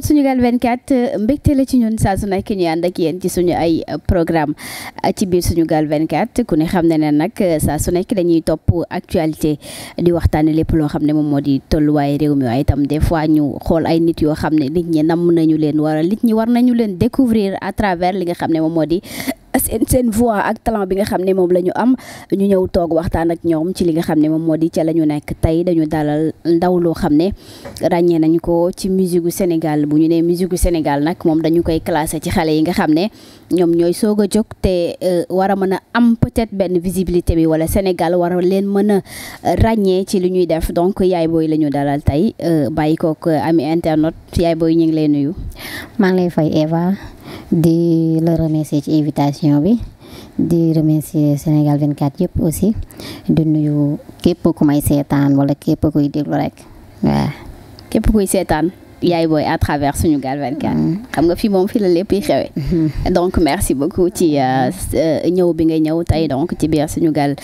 internet Sunugal 24 euh, mbégte la ci ñun saa su nekk ñuy ànd ak yéen ci suñu ay euh, programme euh, ci biir suñu Sunugal 24 ku ne xam ne ne nag saa su nekk dañuy topp actualité di waxtaan waxtaane lépp loo xam ne moom moo di tolluwaay réew mi waaye itam des fois ñu xool ay nit yoo xam ne nit ñi namm nañu leen wara nit ñi war nañu leen découvrir à travers li nga xam ne moom moo di seen seen ak talent bi nga xam ne moom la ñu am ñu ñëw toog waxtaan ak ñoom ci li nga xam ne moom moo di ca la ñu nekk tey dañu dalal ndaw loo xam ne ràññee nañu ko ci musique gu Sénégal bu ñu nee musique gu Sénégal nag moom dañu koy classé ci xale yi nga xam ne ñoom ñooy soog a jóg te euh, war a mën a am peut-être benn visibilité bi wala Sénégal war a leen mën a ràññee ci li ñuy def donc yaay booy la ñu dalal tey euh, bàyyi kook euh, ami internet yaay booy ñu ngi lay nuyu. di la remercier ci invitation bi di remercier Sénégal 24 yëpp aussi di nuyu képp ku may seetaan wala képp kuy déglu rek waaw. seetaan. yaay booy à travers Sunugal 24. Mm. xam nga fii moom fi la lépp xewee. Mm-hmm. donc merci beaucoup ci euh, euh, ñëw bi nga ñëw tey donc ci biir suñu Sunugal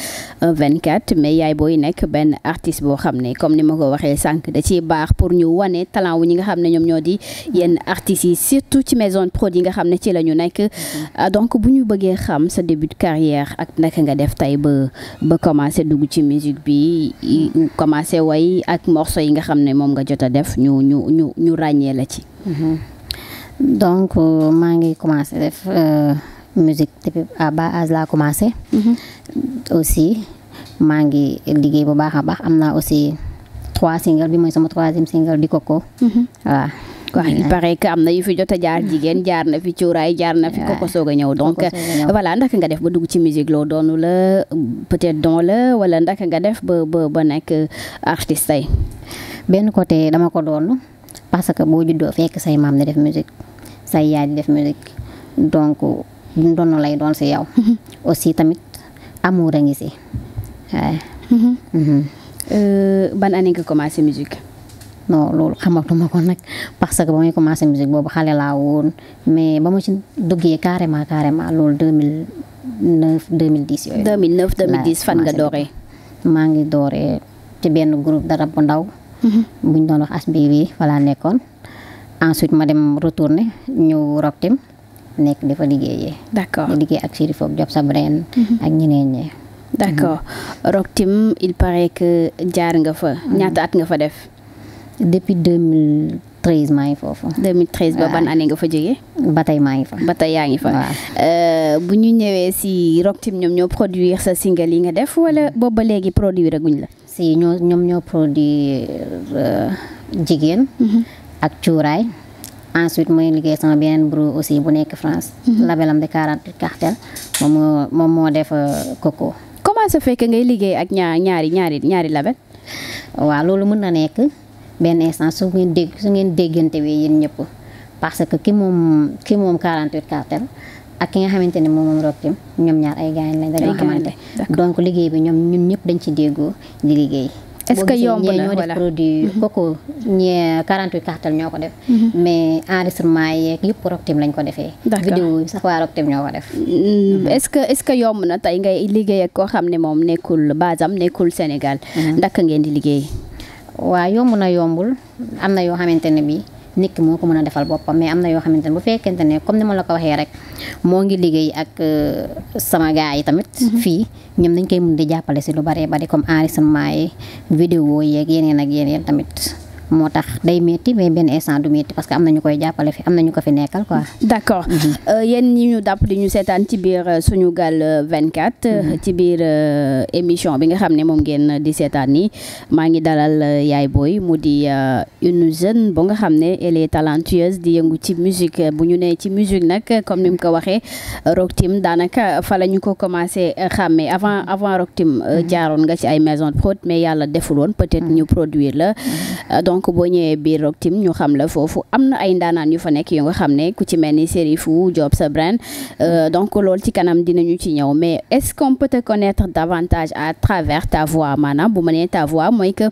24 euh, mais yaay booy nekk benn artiste boo xam ne comme ni ma ko waxee sànq da ciy baax pour ñu wane talent wu ñi nga xam ne ñoom ñoo di yenn artistes yi surtout ci maison de prod nga xam ne ci la ñu nekk. Mm-hmm. donc bu ñu bëggee xam sa début de carrière ak naka nga def tey ba ba commencé dugg ci musique bi commencé way ak morceau yi nga xam ne moom nga jot a def ñu ñu ñu. ñu ràññee la ci. Mhm. donc euh, maa ngi commencé def euh, musique depuis a bas âge laa mhm. ngi liggéey bu baax a baax am na aussi trois single bi mooy sama troisième single di Coco. waaw. Mhm. waaw il paraît que am na yu fi jot a jaar jigéen jaar na fi cuuraay jaar na fi koko soog a ñëw donc voilà ndaka nga def ba dugg ci musique loo doonu la peut-être don la wala ndaka nga def ba ba ba nekk euh, artiste tey benn côté dama ko doonu parce que boo juddoo fekk say maam di def musique say yaay def musique donc ndono lay doon si yow aussi tamit amour a ngi si waaye mhm. euh, ban année nga commencé musique non loolu xamatuma ko nag parce ba muy commencé musique boobu xale laa woon mais ba ma ci duggee carrément carrément loolu 2009 2010 yooyu. 2009 fan nga dooree. maa ngi dooree ci benn groupe dara bu ndaw. Mm-hmm. buñ doon wax asbi bi fa laa nekkoon ensuite ma dem retourné ñëw Roktim nekk di fa liggéeyee. d'accord di liggéey ak Chérif Diop Sabreen. Mm-hmm. ak ñeneen ñi. d'accord mm-hmm. Roktim il paraît que jaar nga fa. ñaata at nga fa def. depuis 2013 maa ngi foofu. 2013 ba ban année nga fa jógee. ba tey maa ngi fa. ba tey yaa ngi fa. Euh, bu ñu ñëwee si Rockteam ñoom ñoo produire sa single yi nga def wala boobu ba léegi produire guñ la. si ñoo ñoom ñoo produire euh, jigéen mm-hmm. ak cuuraay ensuite mooy liggéey sama beneen bureau aussi bu nekk France mm-hmm. labelam de quarante cartel moom moo moom moo def euh, coco comment ça fait ngay liggéey ak ñaar ñaari ñaari ñaari label waa loolu mën na nekk benn instant su ngeen déggante bi yéen ñëpp parce que ki moom ki moom quarante-huit cartel ak ki nga xamante ne moom moom rokkim ñoom ñaar ay gaañ lañ dañoo xamante donc liggéey bi ñoom ñun ñëpp dañ ci déggoo di liggéey est-ce que yomb na ñoo def produit mhm. kooku ñee 48 cartel ñoo ko def mhm. mais enregistrement yeeg yëpp Rockteam lañ ko defee vidéo yi sax waa Rockteam ñoo mhm. est-ce que est-ce que yomb na tey ngay liggéey ak koo xam ne moom nekkul basam nekkul Sénégal ndaka ngeen di liggéey waaw yomb na yombul am na yoo xamante ne bi nit ki moo ko mën a defal boppam mais am na yoo xamante ne bu fekkente ne comme ni ma la ko waxee rek moo ngi liggéey ak euh, sama gars yi tamit mm-hmm. fii ñoom dañ koy mun di jàppale si lu baree bari comme enregistrement yi vidéo yeeg yeneen ak yeneen tamit moo tax day metti mais benn instant du metti parce que am na ñu koy jàppale fi am na ñu ko fi nekkal quoi. d'accord mhm. euh, yéen ñi ñu dàpp di ñu seetaan ci biir euh, Sunugal 24. Euh, mhm. ci biir émission bi nga xam ne moom ngeen di seetaan nii maa ngi dalal yaay Boye mu di une jeune ba nga xam ne elle est di yëngu ci musique bu ñu nee ci musique nag comme ni mu ko waxee Rock Team daanaka fa la ñu ko commencé xàmmee avant avant Rock Team mhm. jaaroon nga ci ay maison de prod mais yàlla deful woon peut-être ñu produire la donc boo ñëwee biir Rock Team ñu xam la foofu am na ay ndaanaan yu fa nekk yu nga xam ne ku ci mel ni Serifou Job sa brand euh, donc loolu ci kanam dina ñu ci ñëw mais est-ce qu'on peut te connaître davantage à travers ta voix maanaam bu ma nee ta mooy que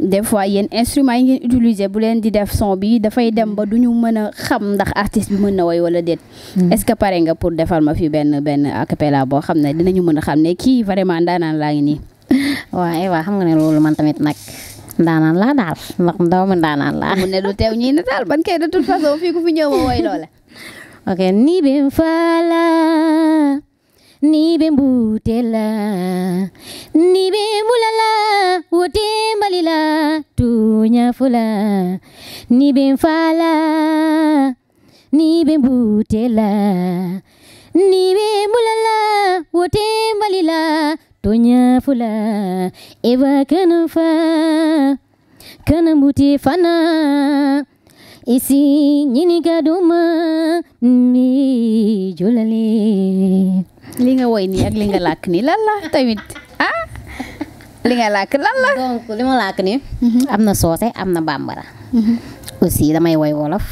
des fois yéen instruments yi ngeen utiliser bu leen di def son bi dafay dem ba du ñu mën a xam ndax artiste bi mën na woy wala déet mm-hmm. est-ce que pare nga pour defal ma fi benn benn a cappella boo xam ne dinañu mën a xam ne kii vraiment ndaanaan laa ngi nii waaw ndaanaan laa daal ndax ndaw ma ndaanaan laa. mu ne du teew ñii ne ban kay de toute fii ku fi ñëw ma woy loole. ok nii be faala nii be mbuutela nii be mbulala wote mbalila tooñaa fulaa eba kana faa kana mbuti fanaa isi ñini gaduma mi julale li nga woy nii ak li nga làkk nii lan la tamit ah li nga làkk lan la li ma làkk nii mhm. am na soose am na bambara mhm. aussi damay woy wolof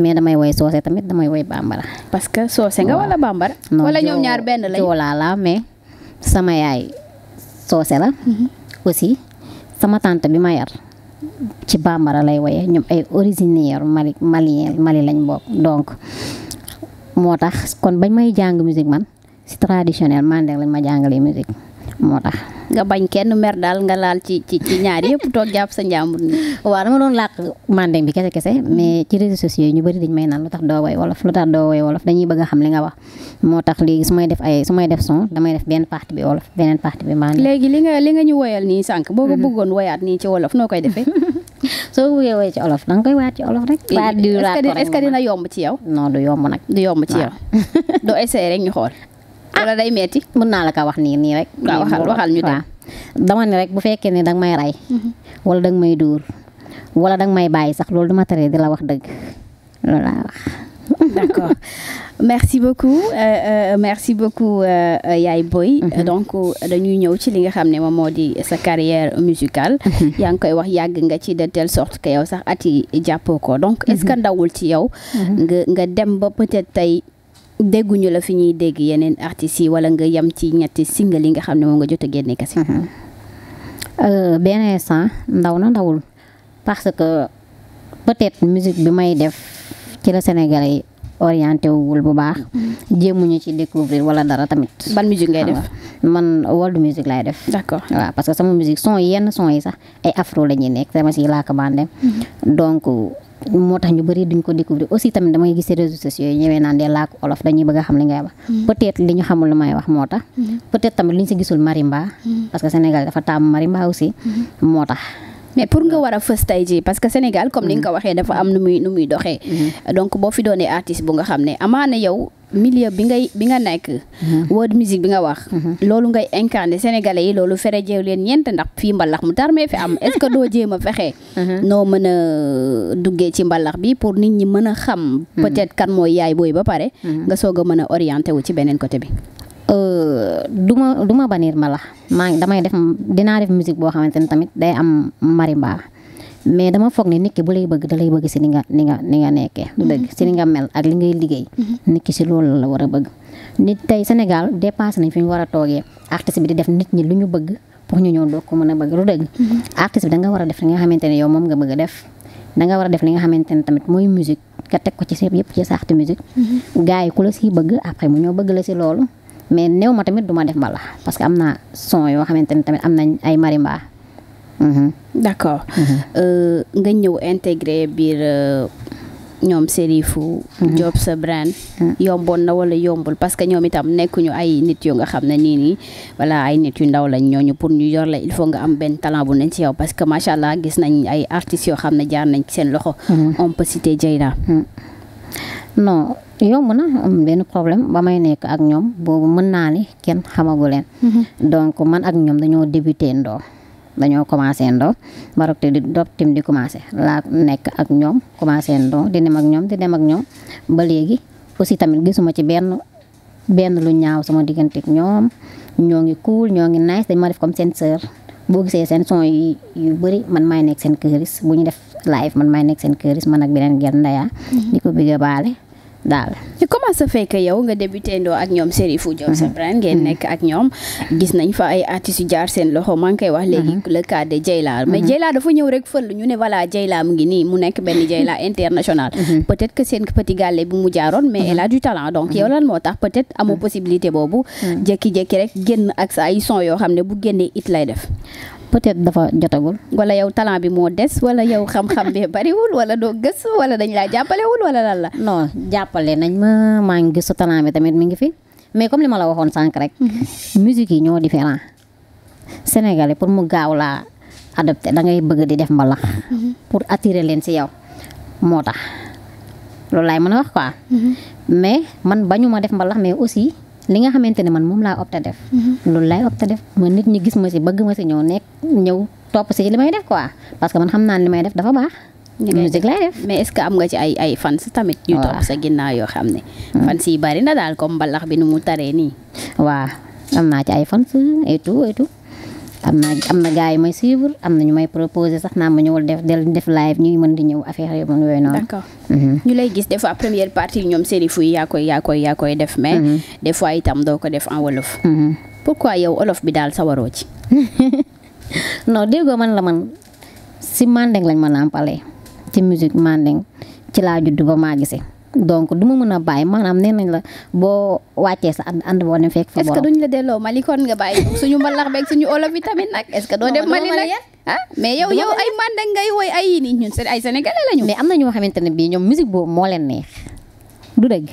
mais damay woy soose tamit damay woy bambara parce que soose nga wala bambara wala ñoom ñaar benn lañ joolaa la sama yaay soose la mhm. aussi sama tante bi ma yar ci bambara lay woyee ñoom ay originaire mali mali lañ bokk donc moo tax kon bañ may jàng musique man si traditionnel mandeng lañ ma jàngalee musique moo tax nga bañ kenn mer daal nga laal ci ci yëpp toog jàpp sa njàmbur ni waaw dama doon làq mandeng bi kese kese mm-hmm. mais ci réseaux sociaux yi ñu bari dañ may naan lu tax doo woy wolof lu tax doo woy wolof dañuy bëgg a xam li nga wax moo tax léegi su may def ay su may def son damay def benn partie bi wolof beneen partie bi mandeng léegi li nga li nga ñu woyal nii sànq boo ko mm-hmm. bëggoon woyaat nii ci wolof noo koy defee soo bëggee woy ci olof da nga koy waat ci olof rek. est-ce que dina yomb ci yow. non du yomb nag. du yomb ci yow. doo essayé ñu xool. wala day metti mën naa la ko wax nii nii rek. waaw waxal waxal ñu daa dama ne rek bu fekkee ne danga may rey. Mm-hmm. wala danga may dóor wala danga may bàyyi sax loolu duma tere di la wax dëgg loolu laa beaucoup euh, euh, merci beaucoup euh, euh, mm-hmm. donc dañuy ñëw ci li nga xam ne moom moo di sa carrière musicale. Mm-hmm. yaa ngi koy wax yàgg nga ci de telle sorte que yow sax at yi jàppoo ko donc est-ce que ndawul ci yow. nga nga dem ba peut-être tey ñu la fi ñuy dégg yeneen artistes yi wala nga yam ci ñetti single yi nga xam ne moom nga jot a génne kese. Mhm. Euh, benn instant ndaw na ndawul parce que peut-être musique bi may def ci la Sénégalais yi orienté wul bu baax. Mhm. jéem ñu ci découvrir wala dara tamit. ban musique ngay def man world music laay def. d'accord waaw parce que sama musique son yenn son yi sax ay afro la ñuy nekk dama si laaka bande mhm. donc. moo tax ñu bëri duñ ko découvrir aussi tamit damay gis réseaux sociaux yi ñëwee naan dee làkk olof dañuy bëgg a xam li ngay wax mm-hmm. peut-être li ñu xamul lu may wax moo tax mm-hmm. peut-être tamit li ñu si gisul marimba mm-hmm. parce que Sénégal dafa taamu marimba aussi moo tax mais pour nga ah. war a fës tey jii parce que Sénégal comme ni nga ko mm-hmm. waxee dafa am nu muy nu doxee. Mm-hmm. donc boo fi doonee artiste bu nga xam ne amaa ne yow milieu bi ngay bi nga nekk. Mm-hmm. world music bi nga wax. loolu ngay incarné sénégalais yi loolu fere jeew leen ñeent ndax fii mbalax mu tarmee fi am est que doo jéem a fexe. noo mën a duggee ci mbalax bi pour nit ñi mën a xam. peut être kan mooy yaay booy ba pare. nga soog a mën a orienté wu ci beneen côté bi. Euh, du ma du ma bannir ma la maa ngi damay def dinaa def musique boo xamante ne tamit day am marimba mais dama foog ni nit ki bu lay bëgg da lay bëgg si ni nga ni nga ni nga nekkee. du dëgg si ni nga mel ak li ngay liggéey. Mm-hmm. nit ki si loolu la war a bëgg. nit tey Sénégal dépassé nañ fi ñu war a toogee artiste bi di def nit ñi lu ñu bëgg pour ñu ñëw doo ko mën a bëgg du dëgg. Mm-hmm. artiste bi da nga war a def li nga xamante ne yow moom nga bëgg a def. da war a def li nga xamante ne tamit mooy musique nga teg ko yëpp ci saxti musique. Mm-hmm. gars yi ku la siy bëgg si loolu. mais néew ma tamit du ma def mbalax parce que am na son yoo xamante ne tamit am nañ ay marimba. Mhm. d' accord. Mhm. Euh, nga ñëw intégré biir euh, ñoom Serifou. Job mhm. sa brand. yomboon na wala yombul parce que ñoom itam nekkuñu ay nit yu nga xam ne nii nii wala ay nit yu ndaw lañ ñooñu pour ñu yor la il faut nga am benn talent bu nañ ci yow parce que macha allah gis nañ ay artistes yoo xam ne jaar nañ ci seen loxo. on peut non yomb na am benn problème ba may nekk ak ñoom boobu mën naa ni kenn xamagu leen. Mhm. donc man ak ñoom dañoo débuté ndoo dañoo commencé ndoo barok te di dop di commencé laa nekk ak ñoom commencé ndoo di dem ak ñoom di dem ak ñoom ba léegi aussi tamit gisuma ci benn benn lu ñaaw sama diggante ak ñoom ñoo ngi cool ñoo ngi nice dañ ma def comme seen sœur boo gisee seen son yu yu bëri man maay nekk seen këris bu ñu def live man maay nekk seen këris man ak beneen gel ndaya mm-hmm. di ko bëgg baale daal comment ça fait que yow nga débuté ndoo ak ñoom Serifou Diaw mhm. sa brand ngeen mhm. nekk ak ñoom gis nañ fa ay artistes yu jaar seen loxo maa ngi koy wax léegi mhm. le cas de Dieyla mais Dieyla dafa ñëw rek fël ñu ne voilà Dieyla mu ngi nii mu nekk benn Dieyla international peut-être que seen petit gàlle bi mu jaaroon mais elle a du talent donc yow moo tax peut-être amoo possibilité boobu jékki-jékki rek génn ak sa ay son yoo xam ne bu génnee it lay def peut-être dafa jotagul wala yow talent bi moo des wala yow xam-xam bi bariwul wala doo gëstu wala dañ laa jàppalewul walla lan la. non jàppale nañ ma maa ngi gëstu talent bi tamit mi ngi fi mais comme li ma la waxoon sànq rek. musique yi ñoo différent sénégalais pour mu gaaw laa adopté da ngay bëgg di def mbalax. pour attire leen si yow moo tax loolu laay mën a wax quoi. mais man bañu ma def mbalax mais aussi. li nga xamante ne man moom laa opté def. Mhm. loolu laay te def ma nit ñi gis ma si bëgg ma si ñëw nekk ñëw topp si li may def quoi parce que man xam naa li may def dafa baax. musique lay def mais est-ce que am nga ci ay ay fans tamit. yu topp sa ginnaaw yoo xam ne. Hmm. fans yi bari na daal comme mbalax bi nu mu taree nii. waaw am naa ci ay fans et tout am naa am na gars yi may suivre am na ñu may proposé sax naa ma ñëwul def def live ñuy mën di ñëw affaire yooyu moom yooyu noonu. Mhm. ñu lay gis des fois première partie ñoom Cherif yi yaa koy yaa koy yaa def. mais mhm. des fois itam doo ko def en wolof. Mhm. pourquoi yow olof bi daal sawaroo ci. non déggoo man la man si mandeng lañ ma nàmpalee ci musique mandeng ci laa judd ba maa gisee. donc du ma mën a bàyyi maanaam nee nañ la boo wàccee sa ànd ànd boo dem fekk. fa borom est-ce que duñ la delloo Mali kon nga bàyyi suñu mbalax beeg suñu olof yi tamit nag. est que doo dem Mali nag ah mais yow yow ay mandé ngay woy ay yii nii ñun ay sénégalais lañu. mais am na ñoo xamante ne bii ñoom musique boobu moo leen neex du dëgg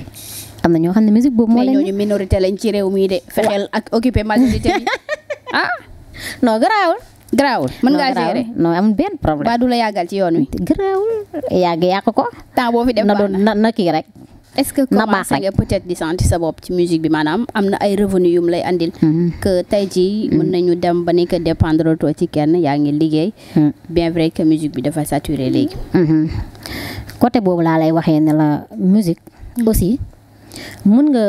am na ñoo xam ne musique boobu moo leen neex mais ñooñu minorité lañ ci réew mii de. fexeel ak occupé majorité bi ah. garaawul mën ngaa gérer non benn problème. waa du la yàggal ci yoon wi. garaawul yàgg yàq ko. temps boo fi def baax na na kii rek. est-ce que commencé nga peut-être di sentir sa bopp ci musique bi maanaam am na ay revenu yum lay andil. Mhm. que tey jii mhm. mën nañu dem ba ni que dépendre too ci kenn yaa ngi liggéey. Mhm. bien vrai que musique bi dafa saturé léegi. côté boobu laa lay waxee ne la musique. aussi mun nga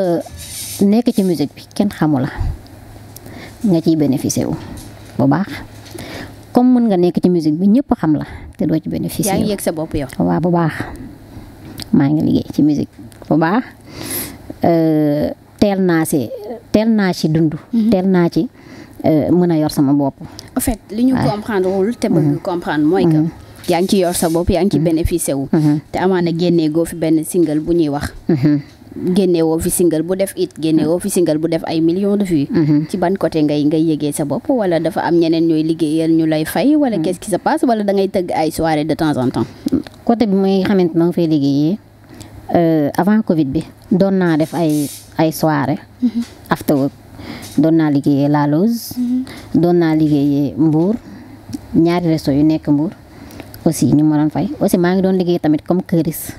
nekk ci musique bi kenn xamula nga ciy bénéficier wu bu baax. comme mën nga nekk ci musique bi ñëpp xam la te doo ci bénéficier. yaa ngi yëg sa bopp yow. waaw bu baax maa ngi liggéey ci musique bu baax euh, teel naa si teel naa ci dund. Mhm. teel naa ci euh, mën a yor sama bopp. en fait li ñu comprendre wul te bëgg mhm. comprendre mooy que. Mhm. yaa ngi ci yor sa bopp yaa ngi ci bénéficier wu. te amaana génnee goo fi benn single bu ñuy wax. génne woo fi single bu def it génne woo fi single bu def ay millions de vues. Mhm. ci ban côté ngay ngay yëgee sa bopp wala dafa am ñeneen ñooy liggéeyal ñu lay fay. wala mhm. qu'est-ce qui se passe da ngay tëgg ay soirée de en temps. côté bi may xamante maa ngi fay euh, avant Covid bi doon naa def ay ay soirée. Mhm. after doon naa liggéeyee La Loge. doon naa liggéeyee Mbour ñaari resto yu nekk Mbour aussi ñu ma doon fay aussi maa ngi doon liggéey tamit comme choriste.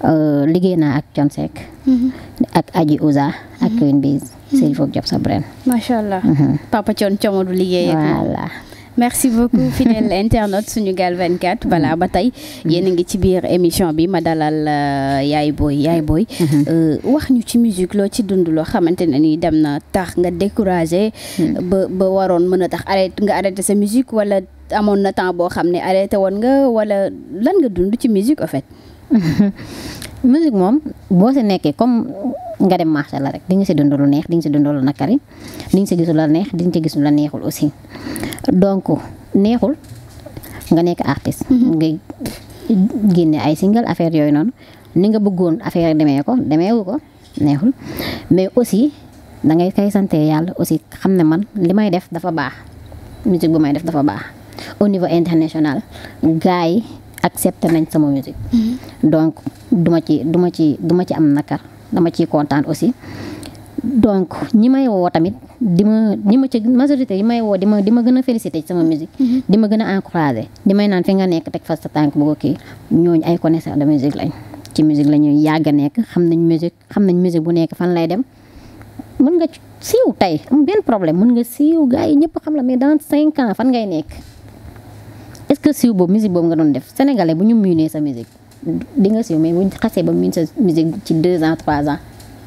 Euh, liggéey naa ak Thione mm-hmm. ak Aji Ouza ak mm-hmm. Queen Biz mm-hmm. Seydi Fok Diop Sabren macha allah Papa Thione Thione du liggéey voilà merci beaucoup fidèle internaute Sunugal 24 voilà ba tey yéen a ngi ci biir émission bi ma dalal euh, yaay booy yaay booy euh, wax ñu ci musique loo ci dund loo xamante ne ni dem na tax nga découragé mm. ba ba waroon mën a tax arrêté nga arrêté sa musique wala amoon na temps boo xam ne arrêté woon nga wala lan nga dundu ci musique en fait musique moom boo si nekkee comme nga dem marché la rek di nga si dund lu neex di nga si dund lu nakari di nga si gis lu la di nga si gis lu neexul aussi donc neexul nga nekk artiste. Mhm. nga génne ay single affaire yooyu noonu ni nga bëggoon affaire demee ko demeewu ko neexul mais aussi da ngay kay sante yàlla aussi xam ne man li may def dafa baax musique bu may def dafa baax au niveau international gars accepté nañ sama musique. Mm-hmm. donc duma ci duma ci duma ci am nakar dama ciy kontaan aussi. donc ñi may woo tamit di ma ñi ma ci majorité yi may woo dima ma di ma gën a félicité ci sama musique mm-hmm. di ma gën a encouragé may naan fi nga nekk teg fa sa tànk bu ko kii ñooñu ay connaisseur de musique lañ ci musique la ñuy yàgg a nekk xam nañ musique xam nañ musique bu nekk fan lay dem mën nga siiw tey am benn problème mun nga siiw gars yi ñëpp xam la mais dans cinq ans fan ngay nekk est-ce que siiw boobu musique boobu nga doon def sénégalais bu ñu miinee sa musique di nga siiw mais bu ñu ba miin sa musique ci deux ans trois ans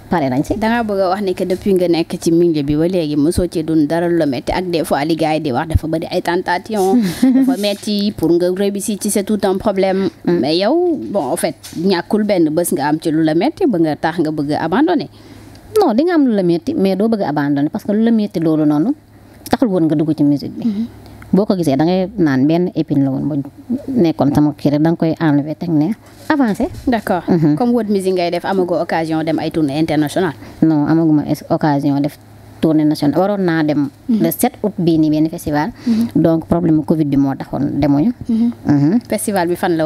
pare nañ si. da ngaa wax ni que nga nekk ci milieu bi ba léegi mosoo ci dund dara lu metti ak des fois yi wax dafa bëri ay tentation dafa metti pour nga réussir ci c'est tout un problème. Mm. mais yow bon fet fait benn bës nga am ci lu la metti ba nga tax nga bëgg a abandonné. non di nga am lu la metti mais doo bëgg a abandonné parce que lu la metti loolu noonu taxul woon nga dugg ci musique bi. Mm-hmm. boo ko gisee da ngay naan benn épine la woon ba nekkoon sama kii rek da nga koy enlever teg ne avancé. d'accord mhm. comme world music ngay def amagoo occasion dem ay tournée internationale. non amaguma occasion def. tournée nationale waroon naa dem mhm. le sept août bii nii benn festival mhm. donc problème covid bi moo taxoon demuñu festival bi fan la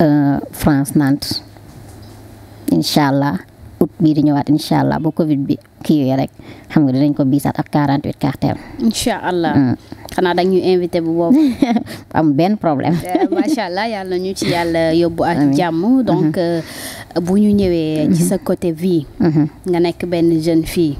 euh, France Nantes incha allah août bii di ñëwaat allah bu Covid bi kii yooyu rek xam nga dinañ ko biisaat ak 48 cartel. incha allah. Mm. xanaa da ñu invité bu boobu. am benn problème. Eh, macha allah yàlla ñu ci yàlla yóbbu ak jàmm. Mm-hmm. donc euh, bu ñu ñëwee. ci sa mm-hmm. côté vie. Mm-hmm. nga nekk benn jeune fille.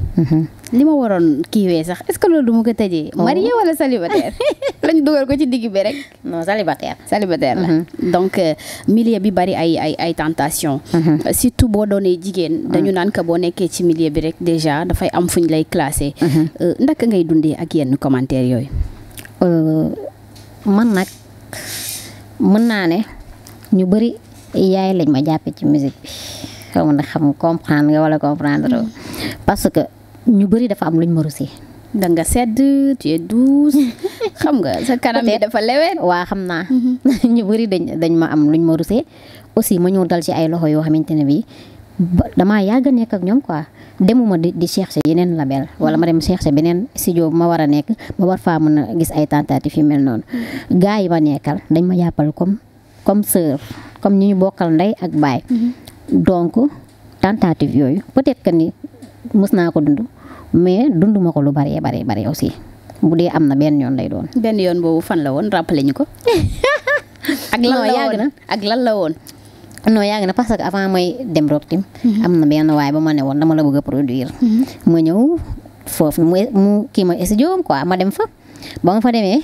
ni ma waroon kiiwee sax est-ce que loolu du ma ko tëjee. Oh. marié wala célibataire lañ dugal ko ci digg bi rek. non célibataire. célibataire mm-hmm. donc euh, milieu bi bari ay ay ay tentation mm-hmm. euh, surtout boo doonee jigéen. Mm. dañu naan que boo nekkee ci milieu bi rek déjà dafay am fuñ lay classé. Mm-hmm. Euh, ndaka ngay dundee ak yenn commentaire yooyu. man nag mën naa ne ñu bari yaay lañ ma jàppee ci musique bi xaw ma na xam comprendre nga comprendre mm. parce que. ñu bëri dafa am luñ ma rusee. da nga sedd tu es xam nga sa kanam bi dafa lewet waa xam naa mhm. ñu bëri dañ dañ ma am luñ ma rusee aussi ma ñëw dal ci ay loxo yoo xamante ne bii damaa yàgg a nekk ak ñoom quoi demuma di di chercher yeneen label mhm. wala ma dem chercher beneen si bu ma war a nekk ma war faa mën a gis ay tentatives yu mel noonu mhm. gars yi ma nekkal dañ ma yàppal comme comme sœur comme ñu ñu bokkal ndey ak baay donc tentative yooyu peut-être que ni mës naa ko dund mais dunduma ko lu bëree bëree bëri aussi bu dee am na benn yoon lay doon. benn yoon boobu fan la woon rappelé ñu ko. ak lan la woon no, ak la woon. non yàgg na parce que avant may dem Rockteam mhm. am na benn waaye ba ma ne woon dama la bëgg a produire. Mhm. ma foofu mu mu kii ma studio quoi ma dem fa ma fa demee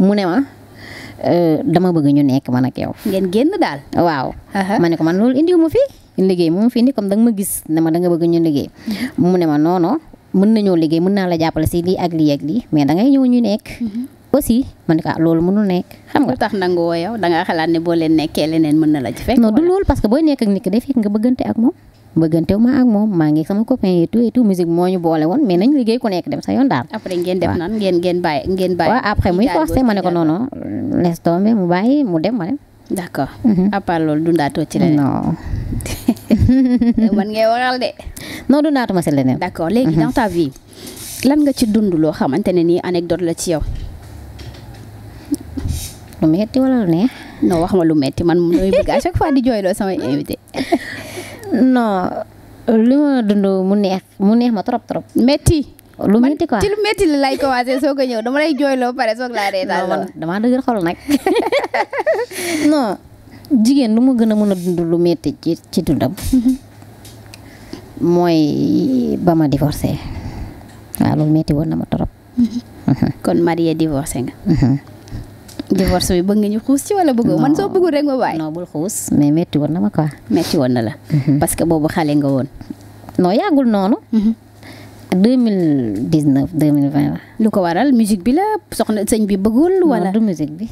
mu ne ma euh, dama bëgg ñu nekk man na yow. ngeen génn daal. waaw. ma ne ko man loolu indiwu ma fi liggéey moom fi indi comme da ma gis ne ma da nga bëgg ñu liggéey mhm. mu ne ma non mën nañoo liggéey mën naa la jàppale si lii ak lii ak lii mais da ngay ñëw ñu nekk. Mhm. aussi man ne ko ah, loolu mënul nekk. xam nga lu tax nangu yow da xalaat ne boo leen nekkee leneen mën na la ci fekk. non du loolu parce que booy nekk ak nit ki day fekk maa ngi sama copain yi tout moo ñu boole woon mais nañ liggéey ku nekk dem sa yoon daal. après ngeen def nan après muy forcé ma ne ko non non laisse tomber mu bàyyi mu dem ma dem. d'accord. Mhm. à part loolu dundaatoo ci leneen. non. man eh, ngay waral de. non du naatuma si leneen. d'accord léegi mhm. dans ta vie lan nga ci dund loo xamante ne nii anecdote la ci yow. lu metti wala lu neex. non wax ma lu metti man mooy bëgg à chaque fois di jooyloo samay invité. non li ma dund mu neex mu neex ma trop trop. metti lu metti quoi ci lu metti la lay commencé soo ko ñëw dama lay jooyloo pare soog laa reetaan. non man damaa dëgër xol nag non. jigéen lu mu gën a a dund lu metti ci ci dundam mm-hmm. mooy ba ma divorcé waaw loolu metti woon na ma torop mm-hmm. Mm-hmm. kon marié divorcé nga divorce bi bëgg nga ñu xuus ci wala bëggoo man soo bëggul rek ma bàyyi non bul xuus mais metti woon na ma quoi metti woon na la parce que boobu xale nga woon non yàggul noonu lu ko waral musique bi la soxna sëñ bi bëggul wala du musique bi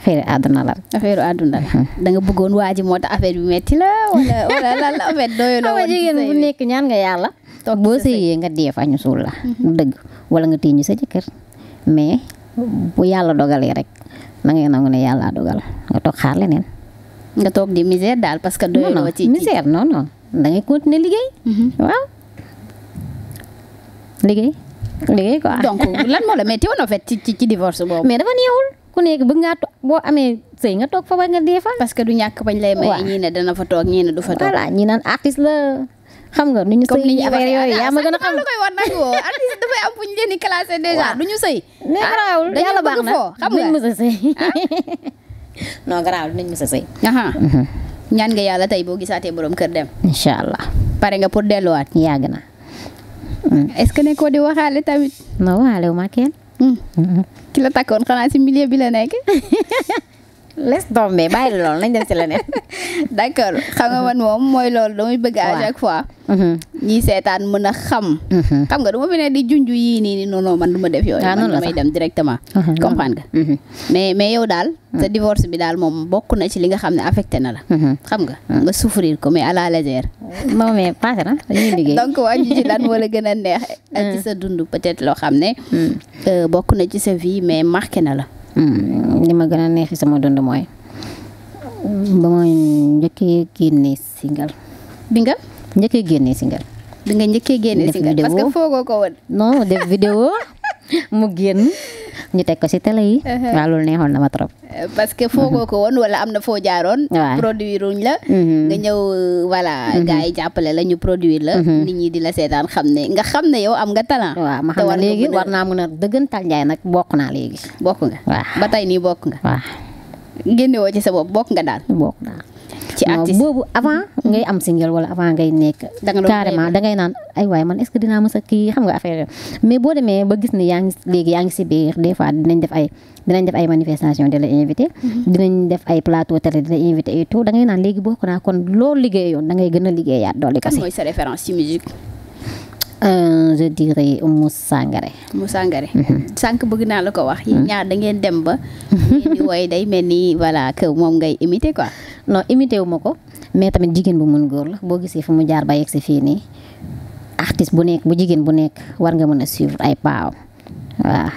affaire àdduna la. affaire àdduna la. Mhm. da waa ji moo tax affaire bi metti la wala wala lan la affaire doyuloo. xam nga jigéen nga yàlla. toog boo nga dee fa ñu la. du mhm. wala nga téye ñu sa jëkkër mais bu yàlla dogalee rek na nga ne yàlla dogal nga toog toog di misère daal parce que. doyuloo ci misère non non da ngay continuer liggéey. Mhm. liggéey. liggéey lan moo la metti woon en fait ci ci divorce boobu. mais dafa néewul. ku nekk bëgg ngaa toog boo amee sëy nga toog fa ba nga dee fa. parce que du ñàkk bañ lay may. ñii dana fa toog ñii ne du fa toog. voilà ñii xam nga nu ñu sëy yi yooyu yaa ma ah, gën a xam lu koy war nag woo artiste dafay am fu ñu leen di classé déjà du ñu sëy mais ah, garaawul yàlla baax na xam nga mës ah. garaawul nañ mës a sëy mm-hmm. ñaan nga yàlla tey boo gisaatee borom kër dem incha allah pare nga pour delluwaat yàgg na mm. est-ce que di waxaale tamit non waxaale wu ki la takkoon xanaa ci milieu bi la nekk. les tomber bàyyi la lool nañ dem si leneen. d' accord xam nga man moom mooy loolu damay bëgg à chaque fois. ñii seetaan mën a xam. xam nga du ma fi di junju yii nii non non man du ma def yooyu. ah man damay dem directement. comprendre nga. mais mais yow daal. sa divorce bi daal moom bokk na ci li nga xam ne affecté na la. xam nga nga souffrir ko mais à la légère. non mais passé na dañuy liggéey. donc wàññi ci lan moo gën a neex. ak ci sa dund peut-être loo xam ne. bokk na ci sa vie mais marqué na la. Hmm. li ma gën a neexi sama dund mooy ba ma njëkkee génnee single. bi nga njëkkee génnee single. bi nga njëkkee génnee single parce que foogoo ko woon. non def vidéo mu génn ñu teg ko si télé yi. Uh-huh. waaw loolu neexoon na ma trop. Eh, parce que foogoo ko woon wala am na foo jaaroon. waaw produire wuñ la. Mm-hmm. nga ñëw euh, voilà. Mm-hmm. gars yi jàppale la ñu produire la. Mm-hmm. nit ñi di la seetaan xam ne nga xam ne yow am nga talent. waa ma xam ne léegi war naa mën a dëggantal njaay nag bokk naa léegi. bokk nga ba tey nii bokk nga. waaw génne ci sa bopp bokk nga daal. bokk naa. ci boobu avant ngay am single wala avant ngay nekk. carrément dangay naan ay waay man est-ce que a kii xam nga affaire mais boo demee ba gis ne yaa ngi léegi yaa ngi si biir des fois dinañ def ay dinañ def ay manifestation di la invité. Mhm. dinañ def ay plateau télé di la invité et tout dangay naan léegi bokk naa kon loolu liggéeyoon dangay gën a liggéeyaat doole. kasi kan mooy sa référence ci musique. Euh, je dirais Oumou Sangaré. Oumou mhm. bëgg naa la ko wax. Mhm. ñaar da ngeen dem ba. di day mel ni voilà que moom ngay imiter quoi. non imiter wu ko mais tamit jigéen bu mun góor la boo gisee fu mu jaar ba yegg si nii artiste bu nekk bu jigéen bu nekk war nga mën a suivre ay paawam waaw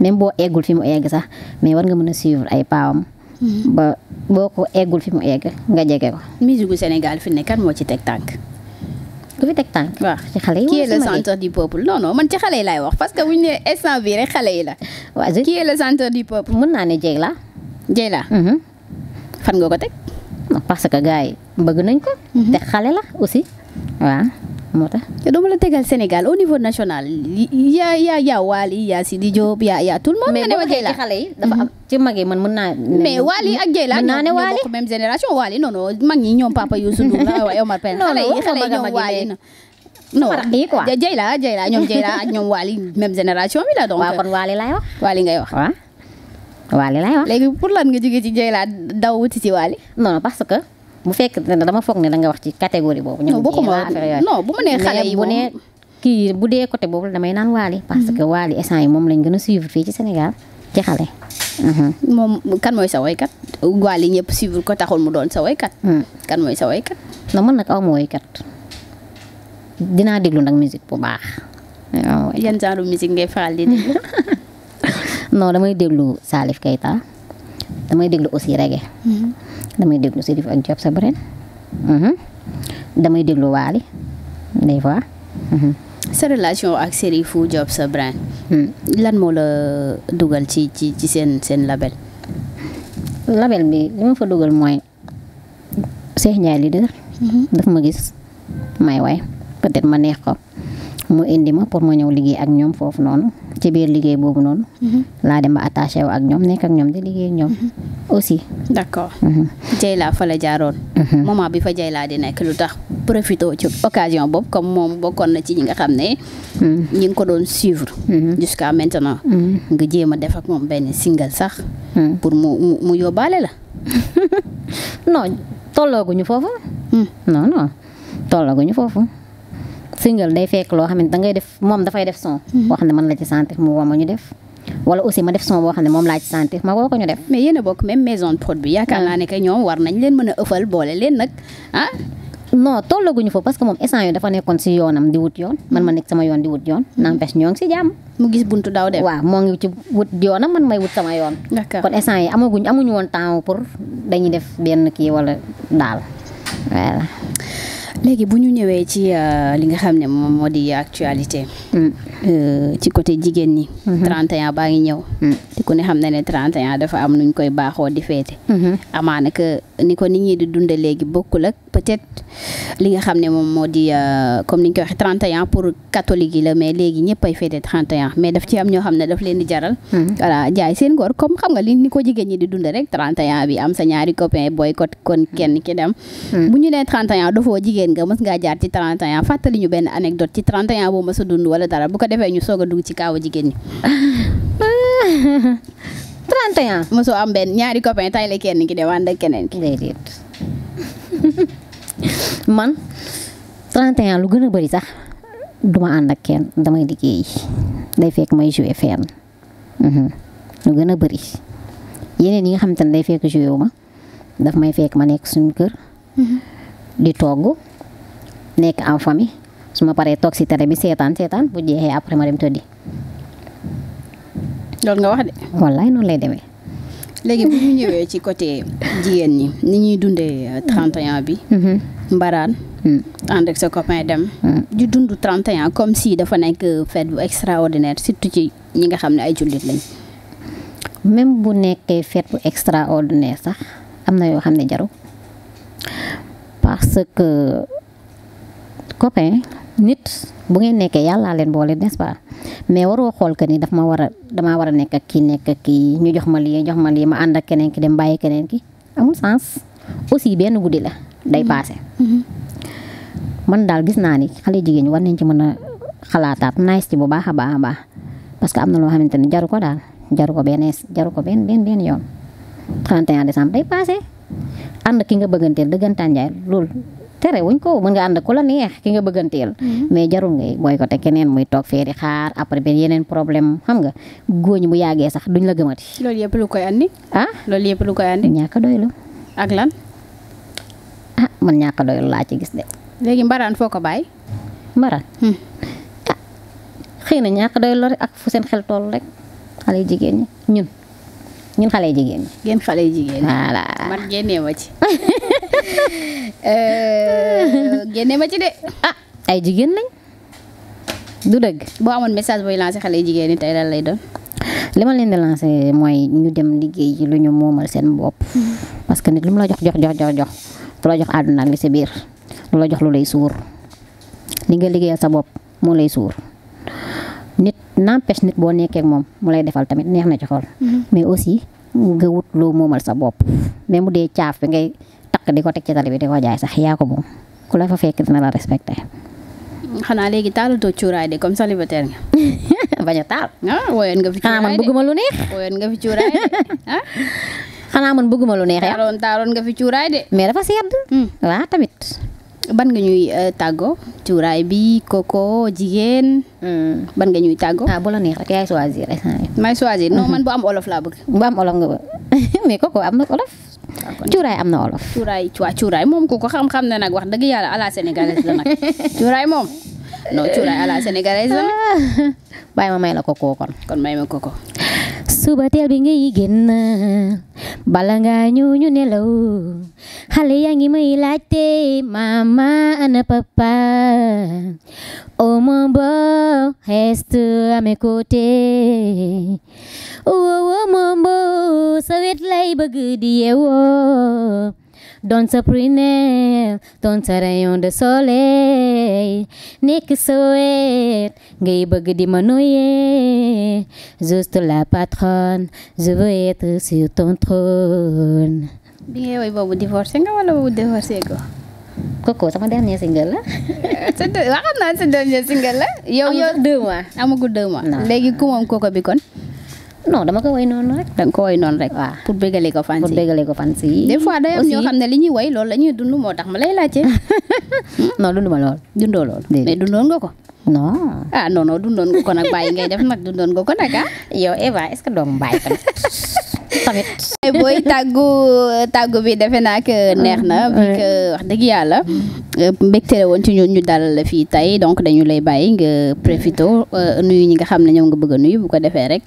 même boo eggul fi mu egg sax mais war nga mën a suivre ay paawam. Mhm. ko eggul fi mu egg nga jege ko. musique Sénégal fi ne kan moo ci teg tànk. du fi teg tànk. waaw ci xale yi qui centre du peuple non non man ci xale yi wax parce que bu ñu nee instant bii rek xale yi la. waa je qui est le centre du mhm. fan nga ko teg. parce que gars yi bëgg nañ ko. Mhm. te xale la aussi waa moo tax dama la tegal Sénégal au niveau national yaa yaa yaa Wally yaa Sidi Diop yaa ci xale yi dafa am mhm. ci mag yi man mën naa. mais Wally ak Dieyla mën naa ne Wally ñoo bokk même génération Wally non non mag ñi ñoom papa Youssou Ndour la waaye Omar Pène. xale yi xale yi ñoom Wally ñoom Dieyla ñoom Wally même génération bi la donc. waaw kon Wally laay wax. Wally ngay wax waaw. Wally laay wax. léegi pour lan nga jógee ci Dieyla daw wuti ci Wally. non parce que. bu fekk dama foog ne da nga wax ci catégorie boobu. ñoom non bu mu nee xale yi moom kii bu dee côté boobu damay naan Waly. Mhm. parce que Waly essence yi moom lañ gën a suivre fii ci Sénégal ci xale. Mhm. moom kan mooy sa woykat Waly ñëpp suivre ko taxul mu doon sa woykat. Hmm. kan mooy sa woykat. non man nag aw ma woykat dinaa déglu nag musique bu baax. yan genre musique ngay faral di déglu. non damay déglu Salif Keita damay déglu aussi reggae. Hmm. damay déglu Cherif ak Diop Sabren mhm. damay déglu Waly mhm. sa relation ak Cherifou Diop Sabren. Hmm. lan moo la dugal ci ci ci seen seen label. label bi li ma fa dugal mooy Cheikh Ndiaye leader. Mhm. daf ma gis may way peut-être ma neex ko moo indi ma pour moo ñëw liggéey ak ñoom foofu noonu ci biir liggéey boobu noonu. Mhm. laa dem ba attaché ak ñoom nekk ak ñoom di liggéey ñoom. Mhm. aussi. d' accord. Dieyla mhm. fa la jaaroon. moment bi fa laa di nekk lu tax profité ci occasion boobu comme moom bokkoon na ci ñi nga xam ne. ñi ngi ko doon suivre. jusqu' à maintenant. nga jéem a def ak moom benn single sax. pour mu mu yóbbaale la. non tollooguñu foofu. Hmm. non non tollooguñu foofu. single day fekk loo xam ne dangay def moom dafay def son. Mhm. boo xam ne man la ci sentir mu woo ma ñu def. wala aussi ma def son boo xam ne moom laa ci sentir ma woo ko ñu def. mais yéen a yaakaar naa ah. ne ñoom war nañ leen mën a ëffal boole leen nag ah. non tollaguñu fa parce que moom instant yii dafa nekkoon si yoonam di wut yoon man ma mhm. nekk sama yoon di wut yoon mhm. n'empêche ñoo ngi si jàmm. mu gis buntu daw dem waaw moo ngi ci wut yoonam man may wut sama yoon. kon instant yi amaguñ amuñu woon temps pour dañuy def benn kii wala daal léegi bu ñu ñëwee ci euh, li nga xam ne moom moo di actualité. Mm. Euh, ci côté jigéen ñi. 31 mm-hmm. baa ngi ñëw. Mm. te ku ne xam na ne 31 dafa am nuñ koy baaxoo di feete. Mm-hmm. amaana que ni ko nit ñi di dunde léegi bokk ak peut li nga xam ne moom moo di euh, comme ni nga ko waxee 31 pour catholique yi la mais léegi ñëpp ay féete 31 mais daf ci am ñoo xam ne daf leen di jaral. Hmm. voilà jaay seen góor comme xam nga li ni ko jigéen ñi di dunde rek 31 bi am sa ñaari copain boycott kon kenn ki dem. mu hmm. ñu nee 31 dafoo jigéen nga mës ngaa jaar ci 31 fàttali ñu benn anecdote ci 31 boo mës a dund wala dara bu ko defee ñu soog dugg ci kaaw jigéen ñi. 31. mosoo am benn ñaari copain tay la kenn ki de wànd ak keneen ki. déedéet man 31 lu gën a bëri sax duma ànd ak kenn damay liggéey day fekk may joué fenn mhm. lu gën a bëri yeneen yi nga xamante ne day fekk joué wu ma daf may fekk ma nekk suñu kër. Mhm. di togg nekk en famille su ma paree toog si tere bi seetaan seetaan bu jeexee après ma dem tëddi. loolu nga wax de. wallaay noonu lay demee. léegi bu ñu ñëwee ci côté jigéen ñi ni ñuy dundee 31 euh, mm. bi. Mm-hmm. mbaraan. Mm. ànd ak sa copain dem. Mm. di dund 31 comme si dafa nekk euh, fête bu extraordinaire surtout ci ñi nga xam ne ay jullit lañ. même bu nekkee fête bu extraordinaire sax am na yoo xam ne jaru parce que copain nit bu ngeen nekkee yàllaa leen boole n'est-ce mais waroo xool que ni daf ma war a damaa war a nekk kii nekk kii ñu jox ma lii jox ma lii ma ànd ak keneen ki dem bàyyi keneen ki amul sens usi benn guddi la day mhm. paase. Mhm. man daal gis naa ni xale jigéen ñi war nañ ci mën a xalaataat nice ci bu baax a baax a baax parce que am na loo xamante ni jaru ko daal jaru ko benn jaru ko benn benn benn yoon 31 décembre day paase ànd ki nga bëgganteel dëggantaan jaay loolu. tere wuñ ko mën nga ànd ku la neex ki nga bëgganteel mm-hmm. mais jarul ngay boycotté keneen muy toog fee di xaar après bi yeneen problème xam nga góoñ bu yàggee sax duñ la gëmati. loolu yëpp lu koy andi. ah loolu yëpp lu koy andi. ñàkk a doylu. ak lan. ah man laa ci gis de. léegi mbaraan foo ko bàyyi. mbaraan. Hmm. Ah, xëy na ñàkk a doylu rek ak fu seen xel toll rek xale jigéen ñi ñun ñun xale jigéen ñi. ngeen xale jigéen ñi. voilà man génnee ma Euh, génne ma ci de. ah ay jigéen lañ. du dëgg. boo amoon message booy lancé xale jigéen ñi tey lan lay doon. li ma leen di lancé mooy ñu dem liggéey ci lu ñu moomal seen bopp. Mm-hmm. parce que nit lu mu la jox jox jox jox jox du la jox àdduna ak li si biir lu la jox lu lay suur li nga liggéeyal sa bopp moo lay suur. nit n'empêche nit boo nekkee moom mu lay defal tamit neex na ci xol. Mm-hmm. mais aussi nga wut loo moomal sa bopp. mais mu dee caaf bi takk di ko teg ci tali bi di ko jaay sax yaa ko moom ku la fa fekk dina la respecté. xanaa léegi taalatoo cuuraay de comme célibataire nga. bañ a taal. ah woyoon nga fi cuuraay de xanaa man bëgguma lu neex. woyoon nga fi cuuraay de ah. xanaa man bëgguma lu neex. taaloon taaloon nga fi cuuraay de. mais dafa sedd. Hmm. waa tamit. ban nga ñuy euh, tàggoo. cuuraay bi koko jigéen. Hmm. ban nga ñuy tàggoo. ah bu la neex rek yaay choisir. may choisir non man bu am olof laa bëgg. bu am olof am olof. cuuraay am na olof. cuuraay waa cuuraay moom ku ko xam-xam na nag wax dëgg yàlla à la la nag cuuraay moom non cuuraay à la sénégalaise nag. Ah. bàyyi ma may la ko koo kon. kon may ma ko ko. suba teel bi ngay bala ngaa ñëw ñu nelaw xale yaa ngi may laajte mama ana papa au moins bon reste à mes côtés wow wow moom bo lay bëgg di yeewoo donc sa prunelle doon sa rayon de soleil nekk sa wet ngay bëgg di ma noyee juste la patronne je veux être sur ton trône. bi ngay woy boobu divorcé nga wala boobu divorcé ko. koko sama dernier single la. sa waxoon naa la. yow yow deux mois amagul deux mois. léegi ku moom koko bi kon. non dama ko way noonu rek. da ko way noonu rek. waaw pour bégale ko fans yi pour ko fans yi. des fois day am ñoo xam ne li ñuy woy loolu la ñuy dund moo tax ma lay laajte. non dunduma lool dundoo lool. mais dundoon nga ko. non ah non dundoon nga nag bàyyi ngay def nag dundoon nga ko nag ah. yow Eva est-ce que doomu bàyyi tamit. tamit eh, booy tàggu tàggu bi defe naa neex na bi que wax dëgg yàlla euh, mbégte la woon ci ñun ñu dalal la fii tey donc dañu lay bàyyi nga profito euh, nuyu ñi nga xam ne ñoom nga bëgg a nuyu bu ko defee rek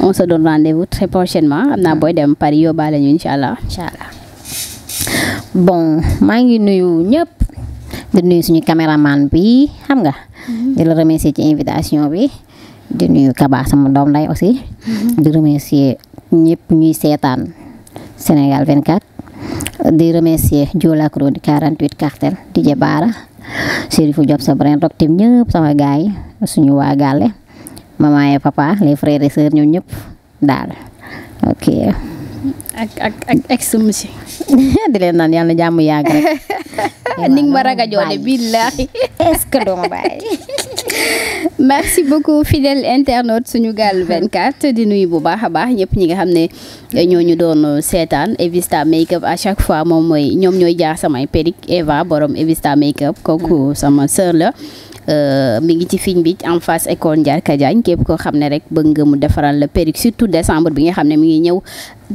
on se donne rendez-vous très prochainement am naa ah. booy dem Paris yóbbaale ñu incha allah. incha maa ngi nuyu ñëpp di nuyu suñu caméraman bi xam nga. Mm-hmm. di la remercier ci invitation bi di nuyu Kaba sama doom lay aussi. Mm-hmm. di remercier ñëpp ñuy seetaan Sénégal 24. di remercier Joola Kro di 48 cartel DJ Baara fu Diop sa brin rok tim ñëpp sama gaay suñu waa Gàlle maman et papa les frères et sœurs ñoom ñëpp daal ok. ak ak ak ex monsieur. di leen naan yàlla jàmm yàgg rek. ni nga ma ragajoole billaahi est-ce que doo ma bàyyi. merci beaucoup fidèle internaute Sunugal 24 di nuyu bu baax a baax ñëpp ñi nga xam ne ñoo ñu doon seetaan Evista Makeup à chaque fois moom mooy ñoom ñooy jaar samay perruque Eva borom Evista Makeup kooku sama sœur la. Euh, mi ngi ci fiñ bi en face école Ndiarka Diagne képp koo xam ne rek bëgg nga mu defaral la perruque surtout décembre bi nga xam ne mu ngi ñëw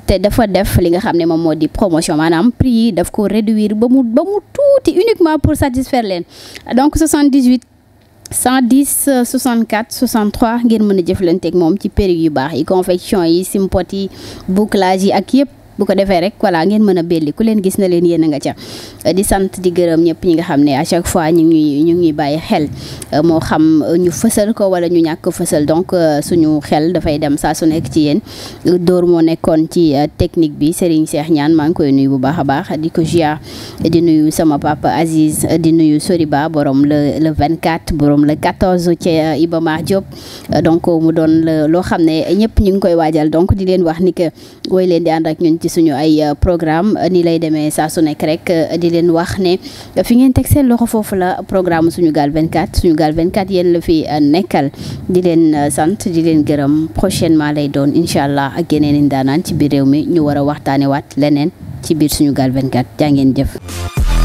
te dafa def li nga xam ne moom moo di promotion maanaam prix yi daf ko réduire ba mu ba mu tuuti uniquement pour satisfaire leen donc 78 110 64 63 ngir mën a jëflanteeg moom ci perruque yu baax yi confection yi simpot yi bouclage yi ak yëpp. bu ko defee rek voilà ngeen mën a belli ku leen gis na leen yéen a nga ca di sant di gërëm ñëpp ñi nga xam ne à chaque fois ñu ngi ñu ngi bàyyi xel euh, moo xam euh, ñu fësal ko wala ñu ñàkk fësal donc euh, suñu xel dafay dem saa su nekk ci yéen dóor moo nekkoon ci technique bi Serigne Cheikh Niane maa ngi koy nuy bu baax a baax di ko ziar di nuyu sama papa Aziz di nuyu Soriba borom le le 24 borom le 14 ci Iba Mar Diop donc mu doon loo xam ne ñëpp ñu ngi koy waajal donc di leen wax ni que woy leen di ànd ak ñun ci suñu ay euh, programme euh, ni lay demee saa su nekk rek euh, di leen wax ne fi ngeen teg seen loxo foofu la programme suñu gaal 24 suñu gaal 24 yéen la fi nekkal di leen sant di leen gërëm prochainement lay doon incha allah ak yeneen i ndaanaan ci biir réew mi ñu war a waxtaane waat leneen ci biir suñu gaal 24 jaa ngeen jëf